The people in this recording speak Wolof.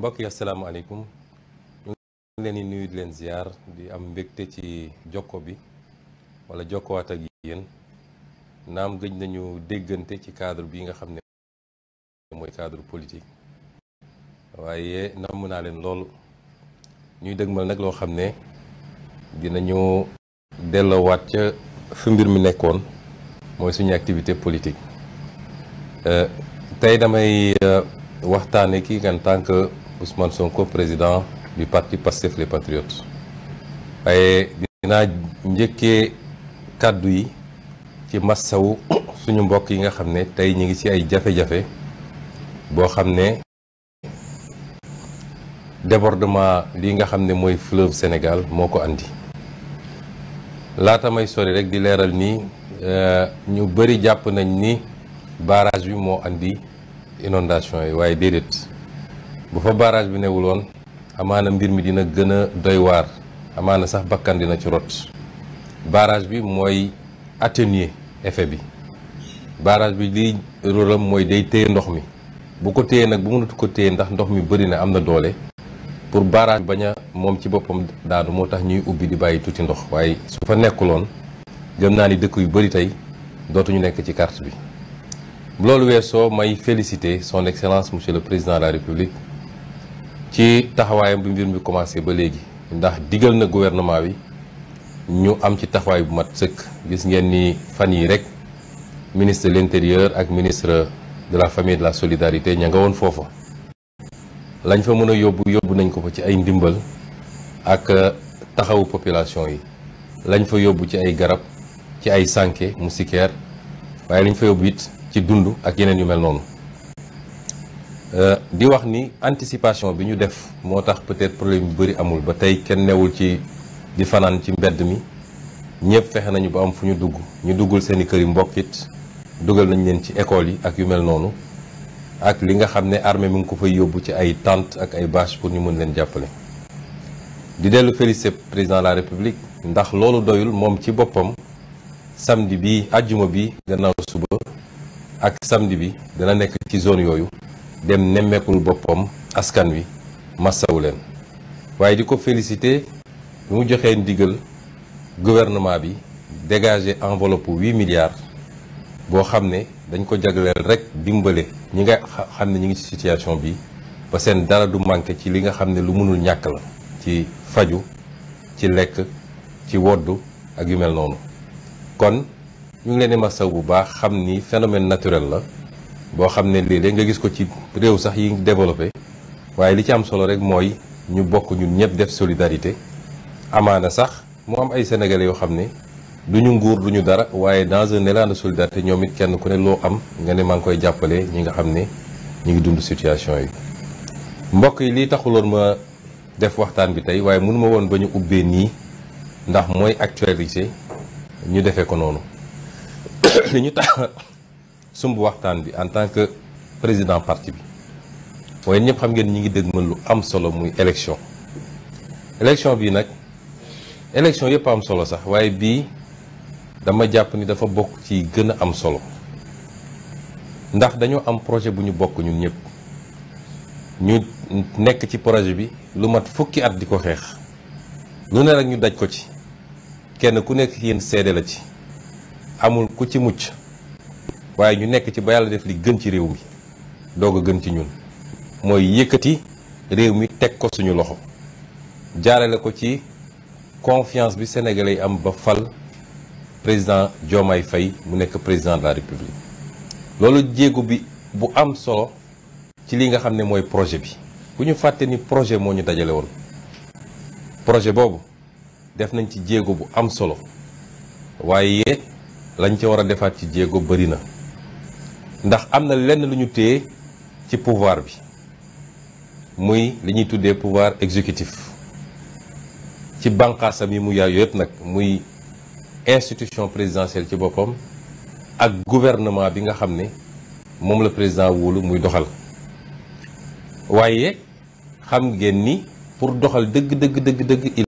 mbokk yi asalaamaaleykum ñu ngi leen di nuyu di leen ziar di am mbégte ci jokko bi wala jokkowaat ak yéen naam gëj nañu déggante ci cadre bi nga xam ne mooy cadre politique waaye namm naa leen lool ñuy dëgmal nag loo xam ne dinañu delloowaat ca fi mbir mi nekkoon mooy suñu activité politique euh, tey damay euh, waxtaane kii en tant que Ousmane son président du parti Pastef les Patriotes waaye dinaa njëkkee kàddu yi ci massawu suñu mbokk yi nga xam ne tey ñu ngi ci ay jafe-jafe boo xam ne débordement lii nga xam ne mooy fleuve Sénégal moo ko andi laata may sori rek di leeral nii euh, ñu bëri jàpp nañ ni barage bi moo andi inondation yi waaye déedéet bu fa barrage bi newul woon amaana mbir mi dina gën a doy waar amaana sax bakkan dina ci rot barrage bi mooy atténuer effet bi barrage bi lii rôlam mooy day téye ndox mi bu ko téyee nag bu mënatu ko téye ndax ndox mi bëri na am na doole pour barrage bi bañ moom ci boppam daanu moo tax ñuy ubbi di bàyyi tuuti ndox waaye su fa nekkuloon gëm naa ni dëkk yu bëri tey dootuñu nekk ci carte bi loolu weesoo may féliciter son excellence monsieur le président de la république ci taxawaayam bi mbir mi commencé ba léegi ndax digal na gouvernement bi ñu am ci taxawaay bu mat sëkk gis ngeen ni fan yi rek ministre de l'intérieur ak ministre de la famille de la solidarité ña nga woon foofa lañ fa mën a yóbbu yóbbu nañ ko fa ci ay ndimbal ak uh, taxawu population yi lañ fa yóbbu ci ay garab ci ay sànke moustiquaire waaye lañ fa yóbbu it ci dund ak yeneen yu mel noonu Euh, di wax ni anticipation bi ñu def moo tax peut-être problème yu bëri amul ba tey kenn newul ci di fanaan ci mbedd mi ñëpp fexe nañu ba am fu ñu dugg ñu duggul seen i kër yi mbokkit dugal nañ leen ci école yi ak yu mel noonu ak li nga xam ne armée mi ngi ko fay yóbbu ci ay tant ak ay bâche pour ñu mën leen jàppale di dellu félicité président la république ndax loolu doyul moom ci boppam samdi bi àjjuma bi gannaaw suba ak samedi bi dana nekk ci zone yooyu dem nemmeekul boppam askan wi massawu leen waaye di ko félicité bi mu joxee ndigal gouvernement bi dégagé envelopp huit milliards boo xam ne dañ ko jagleel rek dimbale ñi nga xam ne ñi ngi ci situation bi ba seen dara du manqué ci li nga xam ne lu mënul ñàkk la ci faju ci lekk ci woddu ak yu mel noonu kon ñu ngi leen di massaw bu baax xam ni phénomène naturel la boo xam ne léeg-léeg nga gis ko ci réew sax yi développé waaye li ci am solo rek mooy ñu bokk ñun ñëpp def solidarité amaana sax mu am ay sénégalais yoo xam ne du ñu nguur du ñu dara waaye dans un élan de solidarité ñoom it kenn ku ne loo am nga ne maa ngi koy jàppale ñi nga xam ne ñu ngi dund situation yi. mbokk yi lii taxuloon ma def waxtaan bi tey waaye mënuma woon ba ñu ubbee nii ndax mooy actualité ñu defee ko noonu li ñu tax. sumb waxtaan bi en tant que président parti bi waaye ñëpp xam ngeen ñi ngi dégg mën lu am solo muy élection élection bii nag élection yëpp am solo sax waaye bii dama jàpp ni dafa bokk ci gën a am solo ndax dañoo am projet bu ñu bokk ñun ñëpp ñu nekk ci projet bi lu mat fukki at di ko xeex lu ne rek ñu daj ko ci kenn ku nekk yéen seede la ci amul ku ci mucc waaye ñu nekk ci ba yàlla def li gën ci réew mi doog a gën ci ñun mooy yëkkati réew mi teg ko suñu loxo jaarale ko ci confiance bi sénégalais yi am ba fal président Diomaye Faye mu nekk président de la république loolu jéego bi bu am solo ci li nga xam ne mooy projet bi ku ñu fàtte ni projet moo ñu dajale woon projet boobu def nañ ci jéego bu am solo waaye lañ ca war a defaat ci jéego bëri na ndax am na lenn lu ñu téye ci pouvoir bi muy li ñuy tuddee pouvoir exécutif ci bànqaasam yi mu yaay yëpp nag muy institution présidentielle ci boppam ak gouvernement bi nga xam ne moom la président wóolu muy doxal waaye xam ngeen ni pour doxal dëgg dëgg dëgg dëgg